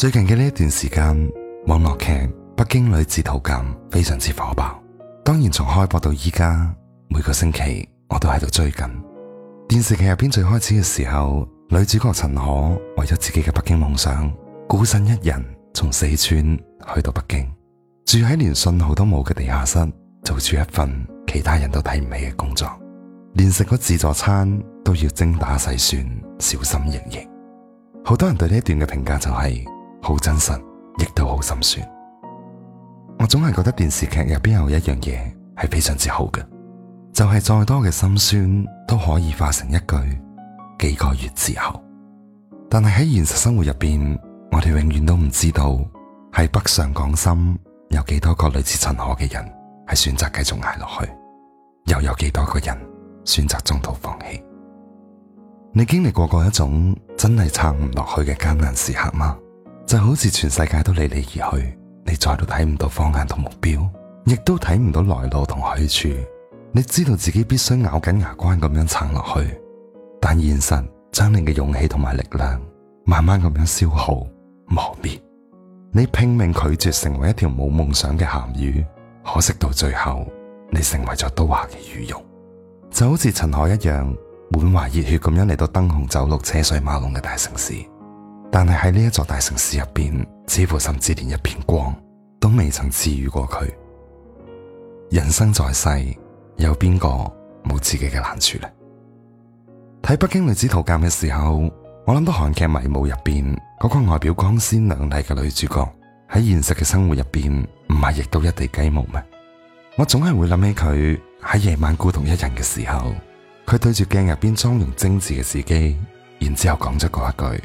最近嘅呢一段時間，網絡劇《北京女子圖鑑》非常之火爆。當然，從開播到依家，每個星期我都喺度追緊。電視劇入邊最開始嘅時候，女主角陳可為咗自己嘅北京夢想，孤身一人從四川去到北京，住喺連信號都冇嘅地下室，做住一份其他人都睇唔起嘅工作，連食個自助餐都要精打細算、小心翼翼。好多人對呢一段嘅評價就係、是。好真實，亦都好心酸。我總係覺得電視劇入邊有一樣嘢係非常之好嘅，就係、是、再多嘅心酸都可以化成一句，幾個月之後。但係喺現實生活入邊，我哋永遠都唔知道喺北上廣深有幾多個類似陳可嘅人係選擇繼續捱落去，又有幾多個人選擇中途放棄。你經歷過嗰一種真係撐唔落去嘅艱難時刻嗎？就好似全世界都離你而去，你再都睇唔到方向同目標，亦都睇唔到來路同去處。你知道自己必須咬緊牙關咁樣撐落去，但現實將你嘅勇氣同埋力量慢慢咁樣消耗磨滅。你拼命拒絕成為一條冇夢想嘅鹹魚，可惜到最後，你成為咗刀下嘅魚肉。就好似陳海一樣，滿懷熱血咁樣嚟到燈紅酒綠、車水馬龍嘅大城市。但係喺呢一座大城市入邊，似乎甚至連一片光都未曾治愈過佢。人生在世，有邊個冇自己嘅難處呢？睇《北京女子圖鑑》嘅時候，我諗到韓劇迷霧入邊嗰個外表光鮮亮麗嘅女主角，喺現實嘅生活入邊唔係亦都一地雞毛咩？我總係會諗起佢喺夜晚孤獨一人嘅時候，佢對住鏡入邊妝容精致嘅自己，然之後講咗嗰一句。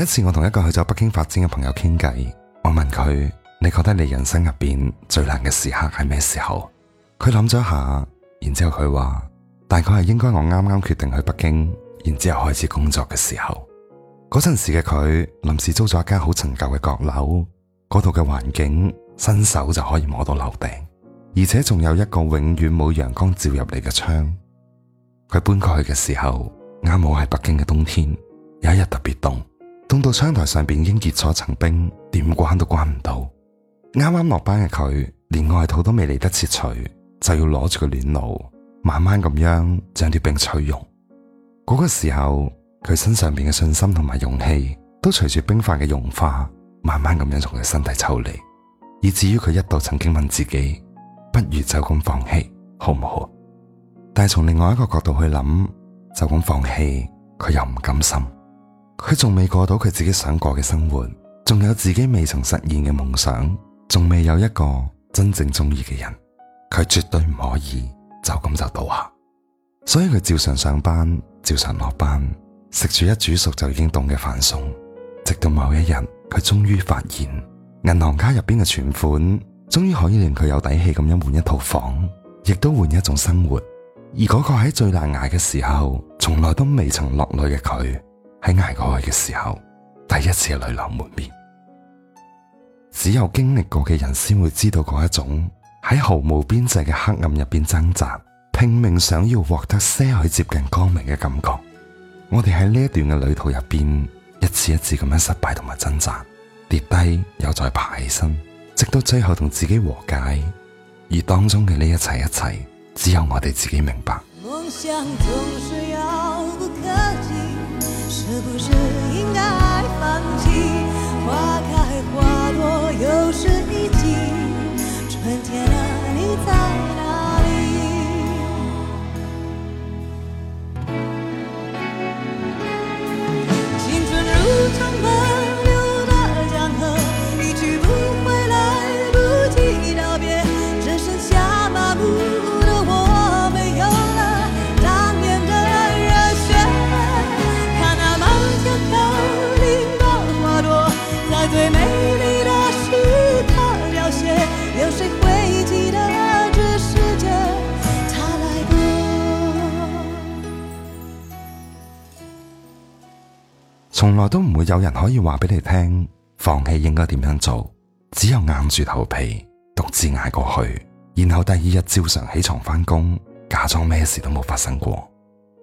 一次，我同一個去咗北京發展嘅朋友傾偈，我問佢：你覺得你人生入邊最難嘅時刻係咩時候？佢諗咗下，然之後佢話：大概係應該我啱啱決定去北京，然之後開始工作嘅時候。嗰陣時嘅佢臨時租咗一間好陳舊嘅閣樓，嗰度嘅環境伸手就可以摸到樓頂，而且仲有一個永遠冇陽光照入嚟嘅窗。佢搬過去嘅時候，啱好係北京嘅冬天，有一日特別凍。凍到窗台上邊已經結咗層冰，點關都關唔到。啱啱落班嘅佢，連外套都未嚟得切除，就要攞住個暖爐，慢慢咁樣將啲冰吹融。嗰個時候，佢身上邊嘅信心同埋勇氣，都隨住冰塊嘅融化，慢慢咁樣從佢身體抽離。以至於佢一度曾經問自己：不如就咁放棄，好唔好？但係從另外一個角度去諗，就咁放棄，佢又唔甘心。佢仲未過到佢自己想過嘅生活，仲有自己未曾實現嘅夢想，仲未有一個真正中意嘅人，佢絕對唔可以就咁就倒下啊。所以佢照常上，上班，照常落班，食住一煮熟就已經凍嘅飯餸。直到某一日，佢終於發現銀行卡入邊嘅存款，終於可以令佢有底氣咁樣換一套房，亦都換一種生活。而嗰個喺最難挨嘅時候，從來都未曾落淚嘅佢。喺捱過去嘅時候，第一次淚流滿面。只有經歷過嘅人，先會知道嗰一種喺毫無邊際嘅黑暗入邊掙扎，拼命想要獲得些許接近光明嘅感覺。我哋喺呢一段嘅旅途入邊，一次一次咁樣失敗同埋掙扎，跌低又再爬起身，直到最後同自己和解。而當中嘅呢一切一切，只有我哋自己明白。是不是應該放棄？花開。沒有人可以話俾你聽放棄應該點樣做，只有硬住頭皮獨自挨過去，然後第二日早上起床返工，假裝咩事都冇發生過。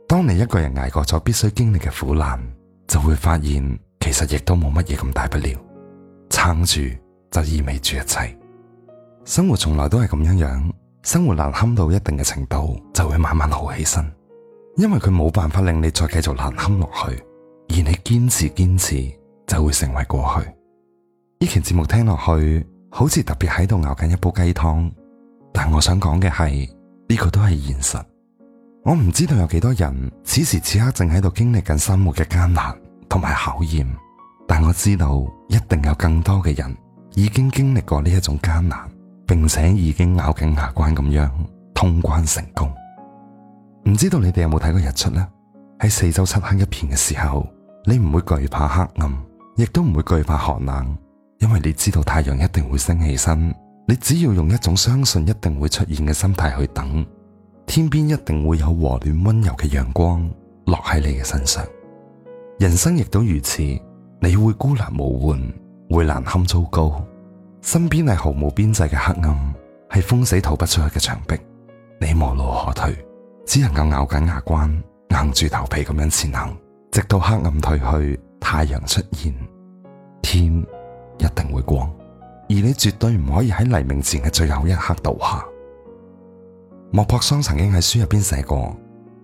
當你一個人挨過咗必須經歷嘅苦難，就會發現其實亦都冇乜嘢咁大不了。撐住就意味住一切。生活從來都係咁樣樣，生活難堪到一定嘅程度，就會慢慢好起身，因為佢冇辦法令你再繼續難堪落去。而你堅持，堅持就會成為過去。呢期節目聽落去好似特別喺度熬緊一煲雞湯，但我想講嘅係呢個都係現實。我唔知道有幾多人此時此刻正喺度經歷緊生活嘅艱難同埋考驗，但我知道一定有更多嘅人已經經歷過呢一種艱難，並且已經咬緊牙關咁樣通關成功。唔知道你哋有冇睇過日出呢？喺四周漆黑一片嘅時候。你唔會懼怕黑暗，亦都唔會懼怕寒冷，因為你知道太陽一定會升起身。你只要用一種相信一定會出現嘅心態去等，天邊一定會有和暖溫柔嘅陽光落喺你嘅身上。人生亦都如此，你會孤立無援，會難堪糟糕，身邊係毫無邊際嘅黑暗，係封死逃不出去嘅牆壁，你無路可退，只能夠咬緊牙關，硬住頭皮咁樣前行。直到黑暗退去，太陽出現，天一定會光。而你絕對唔可以喺黎明前嘅最後一刻倒下。莫泊桑曾經喺書入邊寫過：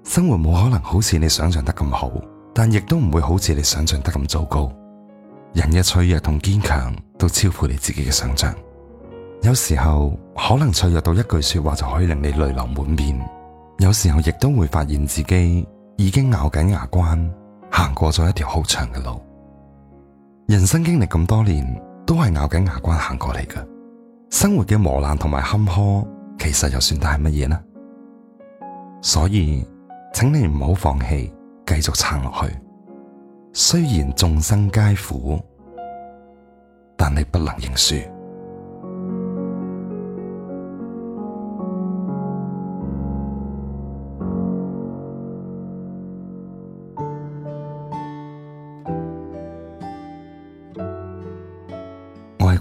生活冇可能好似你想象得咁好，但亦都唔會好似你想象得咁糟糕。人嘅脆弱同堅強都超乎你自己嘅想象。有時候可能脆弱到一句說話就可以令你淚流滿面，有時候亦都會發現自己已經咬緊牙關。行過咗一條好長嘅路，人生經歷咁多年，都係咬緊牙關行過嚟㗎。生活嘅磨難同埋坎坷，其實又算得係乜嘢呢？所以，請你唔好放棄，繼續撐落去。雖然眾生皆苦，但你不能認輸。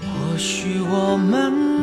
或許我們。